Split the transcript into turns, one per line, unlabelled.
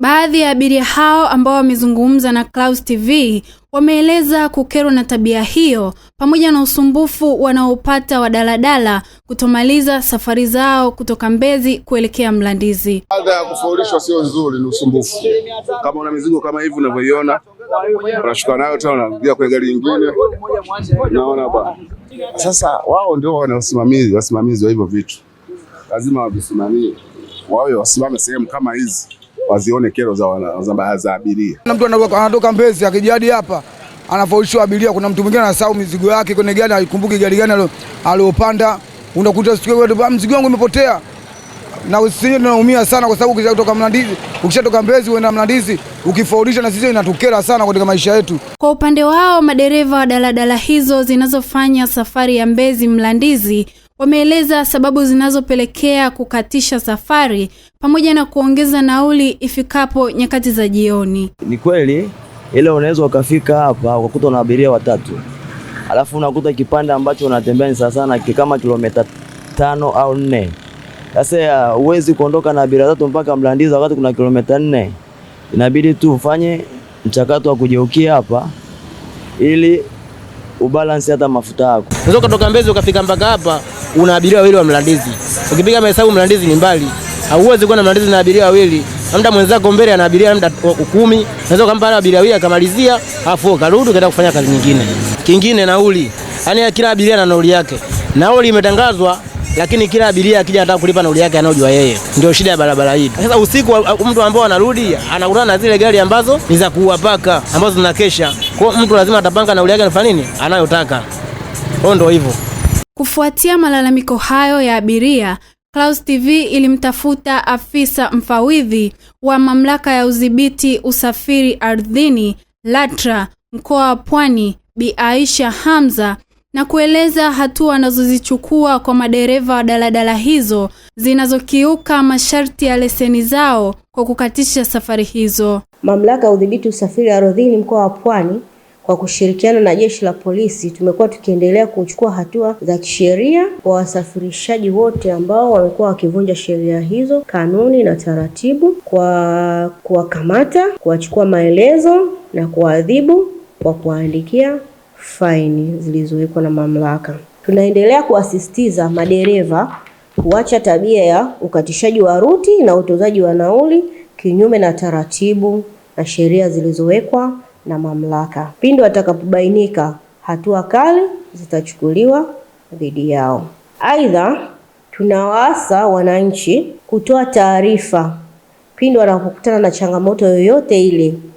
Baadhi ya abiria hao ambao wamezungumza na Clouds TV wameeleza kukerwa na tabia hiyo pamoja na usumbufu wanaopata wa daladala kutomaliza safari zao kutoka Mbezi kuelekea Mlandizi.
Adha ya kufaulishwa sio nzuri, ni usumbufu. Kama una mizigo kama hivi unavyoiona, unashuka nayo tena unaingia kwenye gari nyingine, Naona ba Sasa wao ndio wanaosimamizi wasimamizi wa hivyo vitu, lazima wavisimamie, wawe wasimame sehemu kama hizi wazione kero za wana, za abiria.
Na mtu anatoka Mbezi akijadi hapa anafaulishwa abiria, kuna mtu mwingine anasahau mizigo yake kwenye gari, haikumbuki gari gani aliopanda. Unakuta siku ah, mzigo wangu umepotea, na sisi tunaumia sana, kwa sababu ukishatoka Mlandizi, ukishatoka Mbezi uenda Mlandizi ukifaulisha, na sisi inatukera sana katika maisha yetu.
Kwa upande wao madereva wa daladala hizo zinazofanya safari ya Mbezi Mlandizi Wameeleza sababu zinazopelekea kukatisha safari pamoja na kuongeza nauli ifikapo nyakati za jioni.
Ni kweli ile unaweza ukafika hapa ukakuta una abiria watatu, alafu unakuta kipande ambacho unatembea ni sana kama kilomita tano au nne. Sasa huwezi kuondoka na abiria tatu mpaka Mlandizi wakati kuna kilomita nne. Inabidi tu ufanye mchakato wa kujeukia hapa ili ubalansi hata mafuta yako.
Unaweza kutoka Mbezi ukafika mpaka hapa una abiria wawili wa Mlandizi. Ukipiga mahesabu Mlandizi ni mbali. Hauwezi kuwa na Mlandizi na abiria wawili. Labda mwenzako mbele ana abiria labda kumi. Unaweza kumpa abiria wawili akamalizia, afu karudi kaenda kufanya kazi nyingine. Kingine nauli. Yaani kila abiria na nauli yake. Nauli imetangazwa lakini kila abiria akija anataka kulipa nauli yake anayojua yeye. Ndio shida ya barabara hii. Sasa usiku uh, mtu ambao anarudi anakutana na zile gari ambazo ni za kuwapaka ambazo zinakesha, kwa mtu lazima atapanga nauli yake anafanya nini anayotaka. Kwa ndio hivyo.
Kufuatia malalamiko hayo ya abiria, Clouds TV ilimtafuta afisa mfawidhi wa mamlaka ya udhibiti usafiri ardhini LATRA mkoa wa Pwani, Bi Aisha Hamza na kueleza hatua wanazozichukua kwa madereva wa daladala hizo zinazokiuka masharti ya leseni zao kwa kukatisha safari hizo.
Mamlaka ya udhibiti usafiri ardhini mkoa wa Pwani kwa kushirikiana na jeshi la polisi tumekuwa tukiendelea kuchukua hatua za kisheria kwa wasafirishaji wote ambao wamekuwa wakivunja sheria hizo, kanuni na taratibu, kwa kuwakamata, kuwachukua maelezo na kuwaadhibu kwa kuwaandikia faini zilizowekwa na mamlaka. Tunaendelea kuasisitiza madereva kuacha tabia ya ukatishaji wa ruti na utozaji wa nauli kinyume na taratibu na sheria zilizowekwa na mamlaka. Pindi watakapobainika, hatua kali zitachukuliwa dhidi yao. Aidha, tunawaasa wananchi kutoa taarifa pindi wanapokutana na changamoto yoyote ile